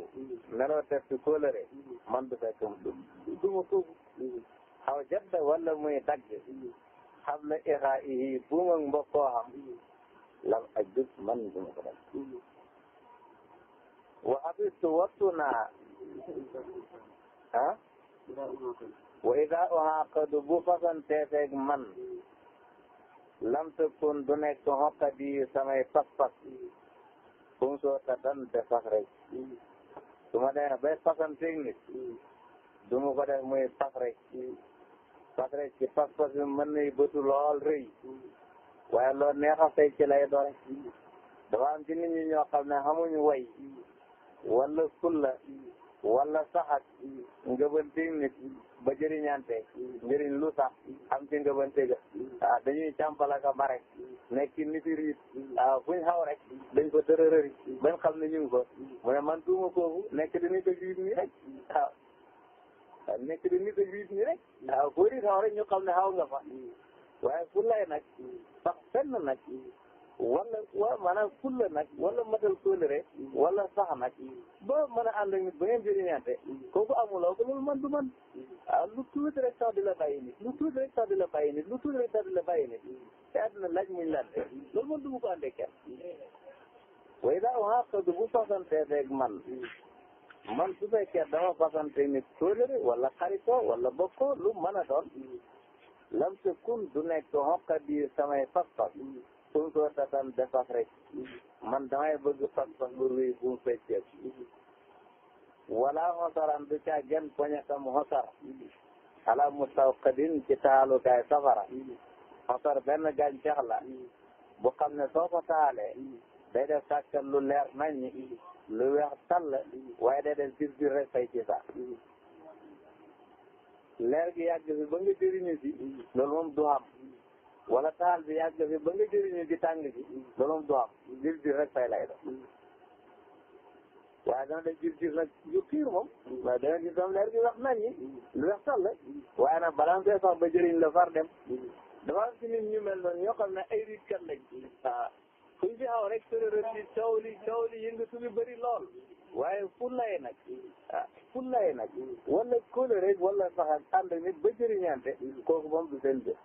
meloo tef ci kóolëre man du fekk du ma tuub xaw jadda wala muy dagg xabla ixaa'ihi buum ak mbokkoo xam lam ajub man du ma ko def wa habistu wattu naa ah wa idaa uhaaqadu bu fasanteefeeg man lam takun du nekk xoqadi samay pas-pas kum soo tatan de fas rek su ma demee bay fasanteeg nit du ko def muy fas rek pas rek ci pas-pas bi mën nay bëtu lool rëy loo loolu neex a fay ci lay doore dafa am ci nit ñi ñoo xam ne xamuñu way la kulla wala nga ngëbanteeg nit ba jëriñante njëriñ lu sax am ci ngëbante ga ah dañuy càmpalaka ma rek nekk nit yi riit ah fuñ xaw rek dañ ko dërërëri bañ xam ne ñu ko mu man tuuma kooku nekk dañuy ko jiit rek waaw ah. nekk di nit ak wiis ñi rek waaw boo di xaw rek ñu xam ne xaw nga fa waaye fullay nag sax na nag wala wa maanaam fulla nag wala matal kóolere wala sax nag ba mën a ànd ak nit ba ngeen jëriñante kooku amuloo ko loolu man du man waaw ah, lu tuuti rek sax di la bàyyi nit lu tuuti rek sax di la bàyyi nit lu tuuti rek sax di la bàyyi nit te àddina laaj muñ lante loolu man du ko àndee kenn way daa waxaa xadu bu fasantee rek man man su fekkee dama fasante nit kóolëre wala xaritoo wala ko lu mën doon lam sa kun du nekk xokka biir samay pas-pas kun soo tatan defas rek man damay bëgg pas-pas bu wéy bu mu fecceek wala xosaran du caa gën poñetam xosar ala mustawqadin ci taalukaay safara xosar benn gàncax la bu xam ne soo ko taalee day def sàkkan lu leer nañ lu weex tàll waaye day dem biir biir rek fay ci sax leer gi yàgg fi ba nga jëriñu du am wala taal bi yàgg fi ba nga jëriñu ci tàng ji loolu moom du am biir biir rek fay lay doon waaye dana dem biir nag yu kiir moom waaye dana gis doom leer gi wax nañ ñi lu weex tàll waaye nag balaa ba jëriñ la far dem dafa am ci nit ñu mel noonu ñoo xam ne ay riitkat lañ fuñ ci xaw rek tërërët ci coow li coow li yëngatu bi bëri lool waaye fullaye nag ah fullaye nag ah, wala kóole rek eh, wala sax ak ànd eh, ba jëriñante kooku moom du seen jëf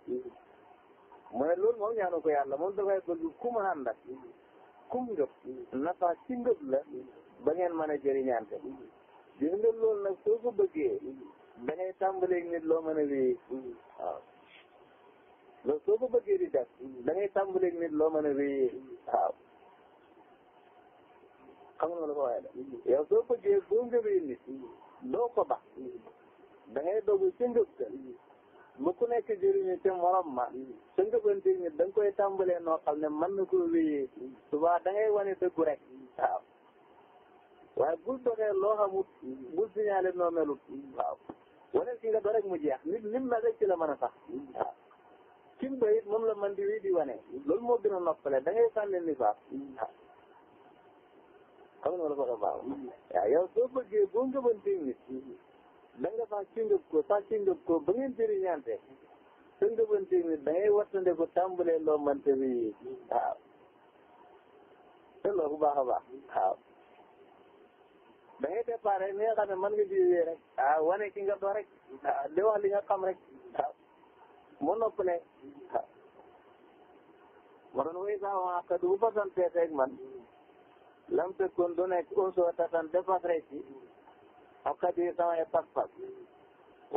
mu ne loolu moom ñaanu ko yàlla moom dafay bëgg kum ànd ak kum ngëb nafa ci ngëb la ba ngeen mën a jëriñante gis nga loolu nag soo ko bëggee da ngay tàmbaleeg nit loo mën a wéyee waaw loolu soo ko bëggee di def da ngay tàmbaleeg loo mën a wéyee waaw xam nga la ko waxee de yow soo bëggee boo ngëbee nit ko ba da ngay dogu ca ngëb ka mu ku nekk jëriñu ca morom ma ca ngëbanteeg nit da nga koy tàmbalee noo xam ne man na koo wéyee suba da ngay wane dëggu rek waaw waaye bul loo xamut bul signalé noo melut waaw wane ki nga mu jeex nit lim na rek ci la mën a sax ci bayit moom la man di wii di wane loolu moo gën a noppale da ngay sànni ni baax xam nga la ko baax waaw yow soo bëggee boo ngëbantee nit da nga sax ci ngëb ko sax ci ko ba ngeen jëriñante sa ngëbantee nit da ngay wattande ko tàmbalee loo mante bi waaw te loolu bu baax a baax waaw da ngay départ rek ni nga xam ne mën nga ah wane ki nga ah di wax li nga xam rek mu noppale waaw. waroon wéy saa wax te du fasante teg man lam tëkkoon du nekk osoo tatan defas rek ci ak kat yi samay pas-pas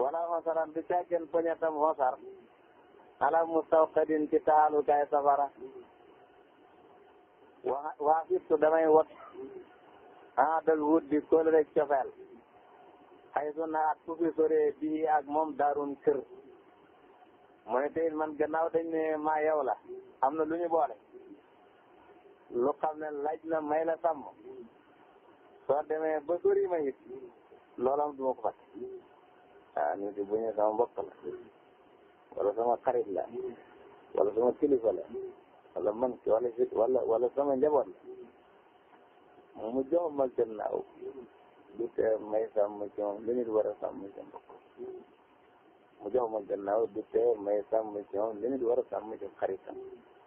wala xosaram du càggeen poñetam xosar ala mustawqadin ci taalu gaay safara waa waa fittu damay wat ah dal wut di kóol rek cofeel xay su naat ku fi soree ak moom daarun kër mu ne man gannaaw dañ ne maa yow la am na lu ñu boole lu xam ne laaj na may la sàmm demee ba sori ma loolam du ko fàtte waaw ah, nit ki bu ñu sama mbokk la wala sama xarit la wala sama kilifa la wala man wala wala sama njaboot la mu jox ma gannaaw du tee may sàmm ci moom lu nit war a sàmm ci mbokk mu jox ma gannaaw du tee may sàmm ci moom li nit war a sàmm ci xaritam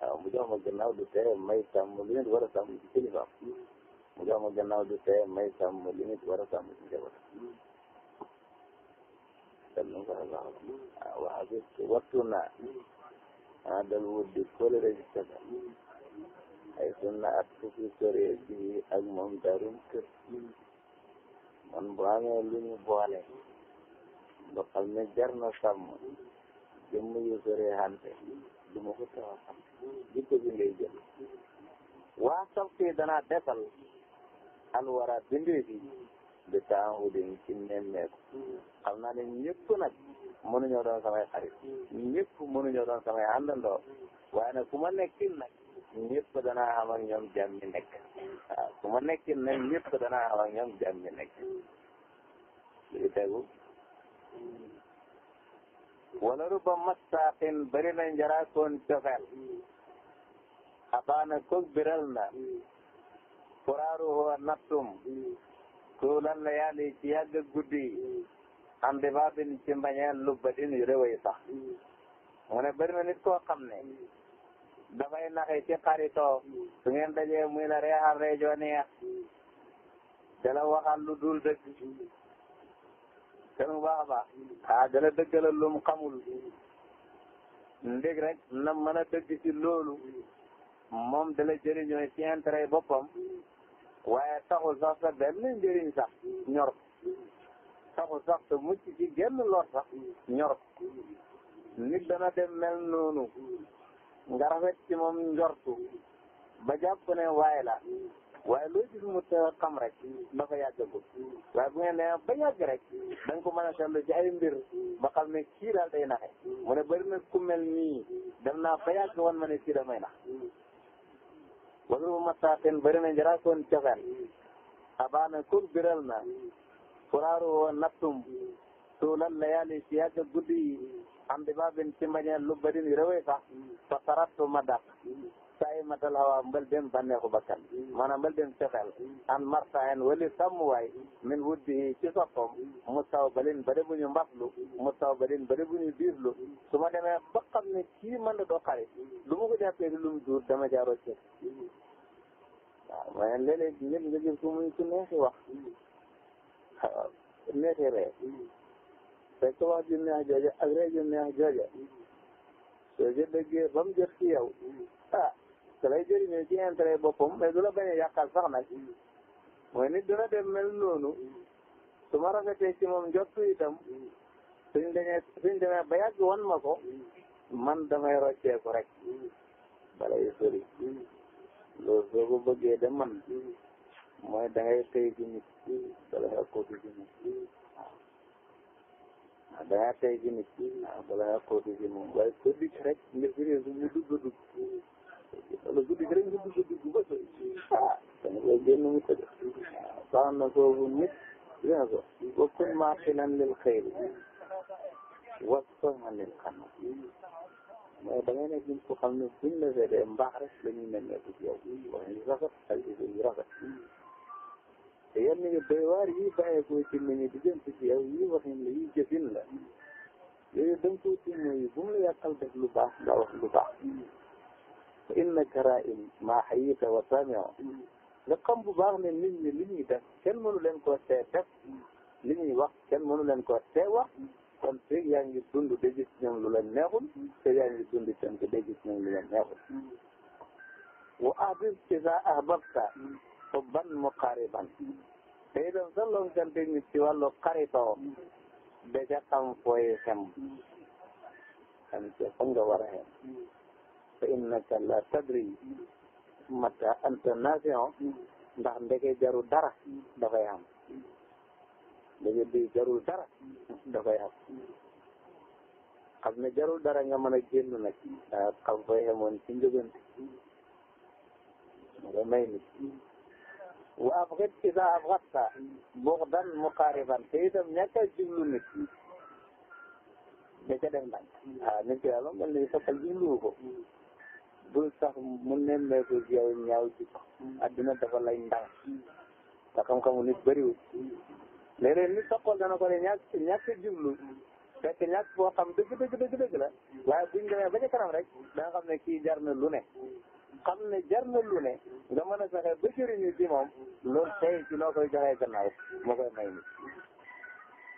waaw mu jox ma gannaaw du tee may sàmm li nit war a sàmm ci kilifaam mu jox ma gannaaw du tee may sàmm li nit war a sàmm ci njabootam danu ko wax waaw waa bi wattu naa ah dal wuddi kóllëre gi saka ay sunna at fukki soree bi ak moom darum kër man bu amee lu ñu boole nga xam ne jar na sàmm jëmm yu hante du ma ko taw a xam jikko bi ngay jël waa sabti danaa defal alwara bindee fi di temps udin ci nemmeeku xam naa ne ñëpp nag mënuñoo doon samay xarit ñëpp mënuñoo doon samay àndandoo waaye nag ku ma nekkin nag ñëpp danaa xam ak ñoom jàmm mi nekk waaw ku ma nekkin nag ñëpp danaa xam ak ñoom jàmm mi nekk li tegu wala ruba mastaaxin bëri na njaraakoon cofeel xabaana kog biral na furaaruhoo nattum tuulan la yàlla ci yàgg guddi am di baabin ci lu badin yu rëwëy sax mu ne na nit koo xam ne dafay naxe ci xaritoo su ngeen dajee muy la reexal reejoo neex dala waxal lu dul dëgg kenn bu baax a baax ah dana dëggalal lu mu xamul rek na mën a dëgg ci loolu moom dala jëriñoo ci intérêt boppam waaye taxul sax sa benn njëriñ sax ñor taxul sax sa mucc ci genn lor sax ñor nit dana dem mel noonu nga rafet ci moom njortu ba jàpp ne waaye la waaye loo gis mu xam rek na ko yàggagul waaye bu ngeen nee ba yàgg rek da nga ko mën a seetlu ci ay mbir ba xam ne kii daal day naxe mu ne bëri na ku mel nii dem naa ba yàgg woon ma ne kii damay nax wala bu ma saateen bëri na jaraakoon cofeel abaana kur biral na furaaru woo nattum tuulal layaali ci yàgg guddi yi am di ci mbañeel lu bëri ni rëwee sax fa tarattu ma saay matal hawa mbal dem bànneexu bakkan maanaam mbal dem fexeel an marsahen wali sàmmwaay min wuddi ci soppam mu taw balin bari bu ñu mbaslu mu taw balin bari bu ñu biirlu su ma demee ba xam ne kii mën na doo xarit lu ma ko jàppee lu mu duur dama jaaroo ci waaw mais léeg-léeg nit nga gis ko muy ku neexi wax neexi ree fekk wax ju neex jooja ak ree ju neex jooja soo ca déggee ba mu jot ci yow ah da lay jëriñoo ci intérêt boppam mais du la bañ a yàqal sax nag mooy ni dina dem mel noonu su ma rafetee ci jot njott itam suñ demee suñ demee ba yàgg wan ma ko man damay rocceeku rek balay sori loolu soo ko bëggee de man mooy da ngay tey ci nit bala nga da ngaa tey ci nit waaw bala nga ko dikk rek nga firee su mu dugg loolu guddi gi rek nga dugg dugg ba tey ah dama koy génn mu tëdd baax na foofu nit dina ko ba kun maaxilan lil xayri wastoxan lil xana mooy da ngay nekk nit ku xam ne buñ la seetee mbaax rek la ñuy nemmeeku ci yow wax yu rafet ak yu rafet te yenn yu doy waar yi bàyyeekoo ci nit ñi di jëm ci yow yi waxin la yi jëfin la yooyu da nga koy ci mooy bu mu la yàqal def lu baax nga wax lu baax na inna karaa'im maa xayita wa sami'u nga xam bu baax ne nit ñi li ñuy def kenn mënu leen koo tee def li ñuy wax kenn mënu leen koo tee wax kon feeg yaa ngi dund da gis lu len neexul feeg yaa ngi dund itam da gis ñoom lu leen neexul wa ahbib iza ahbabta hubban muqariban te itam sa lonkante nit ci wàllu xaritoo da ca xam fooy xem xam nga war a xem fa innaka la tadri mata anta naafi'un ndax ndeke jaru dara dafay am ndeke di jarul dara dafay am xam ne jarul dara nga mën a génn nag waaw xam fay xamoon ci njëgante nga may nit wa abxit isa abxatta buxdan muqaariban te itam ñàkk a jublu nit da ca def ndànk waaw ah, nit ki daal moom mel ni soppal jubluwu ko bul sax mu nemmeeku ci yow ñaaw ci adduna dafa lay ndax te xam-xamu nit bëriwul léeg-léeg nit soqal dana ko ne ñàkk ñàkk jublu fekk ñàkk boo xam dëgg dëgg dëgg dëgg la waaye buñ demee ba ca kanam rek da nga xam ne kii jar na lu ne xam ne jar na lu ne nga mën a fexe ba jëriñu ci moom loolu tey ci loo koy joxee gannaaw moo koy may nit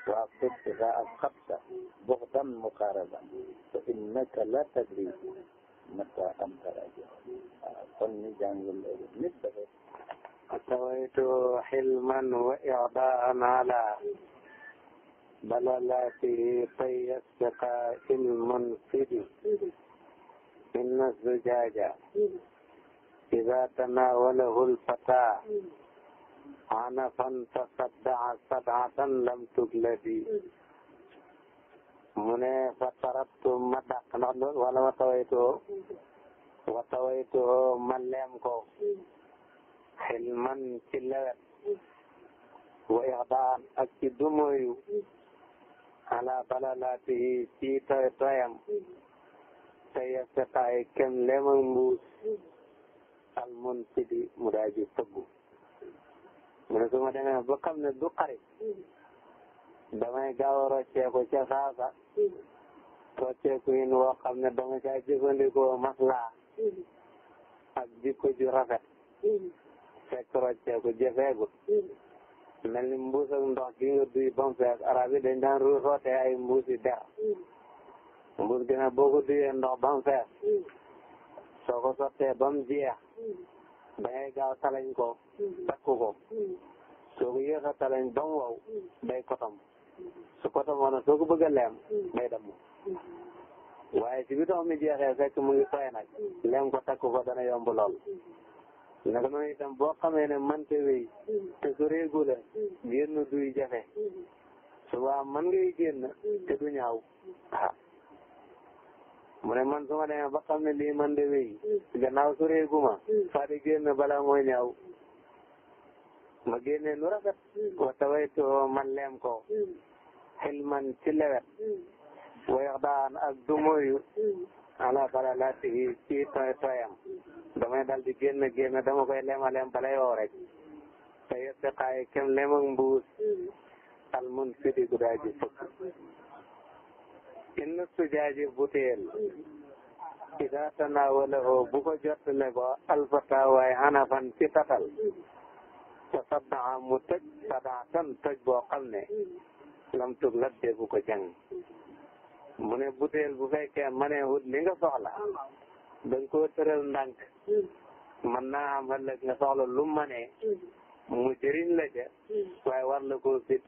waa fekk sa ak xabta buxtan muqaaraba fa innaka la tadri mën kaa xam dara ji waaw kon ñu jàng loolu nit dafa atawaytu xilman wa iadaan ala بللاته طي السقاء المنفد إن الزجاج إذا تناوله الفتى عنفا تصدع صدعة لم تجلد mu ne fa tarabtu ma dàq ndax loolu wala wa tawaytuhu wa tawaytuhu ma leem ko xilman ci lewet wa ixdaan ak ci dumoyu ala balalaatihi ci toy toyam te yestataay kem leema mbuus almun sidi mu daa ji tëggu mu ne su ma demee ba xam ne du xarit damay gaaw a ko ca saasa rocceeku yin woo xam ne dama caa jëfandikoo maslaa ak jikko ju rafet fekk rocceeku jëfeegut mel ni mbuus ak ndox gi nga duy ba fees arab yi dañ daan ruusoo te ay mbuus yi der mbuus gi nag boo ko duyee ndox ba mu fees soo ko sottee ba mu jeex da ngay ko takku ko ko yéex a talañ ba mu wow day kotom su ko tamoon a soo ko bëgg a leem day dem waaye si bi tax mi jeexee fekk mu ngi tooy nag leem ko takk ko dana yomb lool naka itam boo xamee ne mante wéy te su réegu la génn duy jafe souvent man ngay génn te du ñaaw ah mu ne man su ma demee ba xam ne lii man de wéy gannaaw su réegu ma faa di génn balaa mooy ñaaw ma génne lu rafet mm. wa tawaytoo man leem ko mm. xilman ci lewet mm. wayax daan ak dumoyu ala bala laati ci tooy tooyam damay dal di génn génn dama koy lema lem bala yoo rek te yette xaay kem lem ak mbuus al mun gudaa ji fukk inna sujaaji buteel ida tanaawalahu bu ko jottale ko alfata waay hanafan ci tatal wa saddaxa mu toj sadaxatan toj boo xam ne lam tug lat deebu ko jàng mu ne butéel bu fekkee manee wut li nga soxla danga koo tëral ndànk mën naa am ëllëg nga soxla lu manee mu jëriñ la ja waaye war la koo fit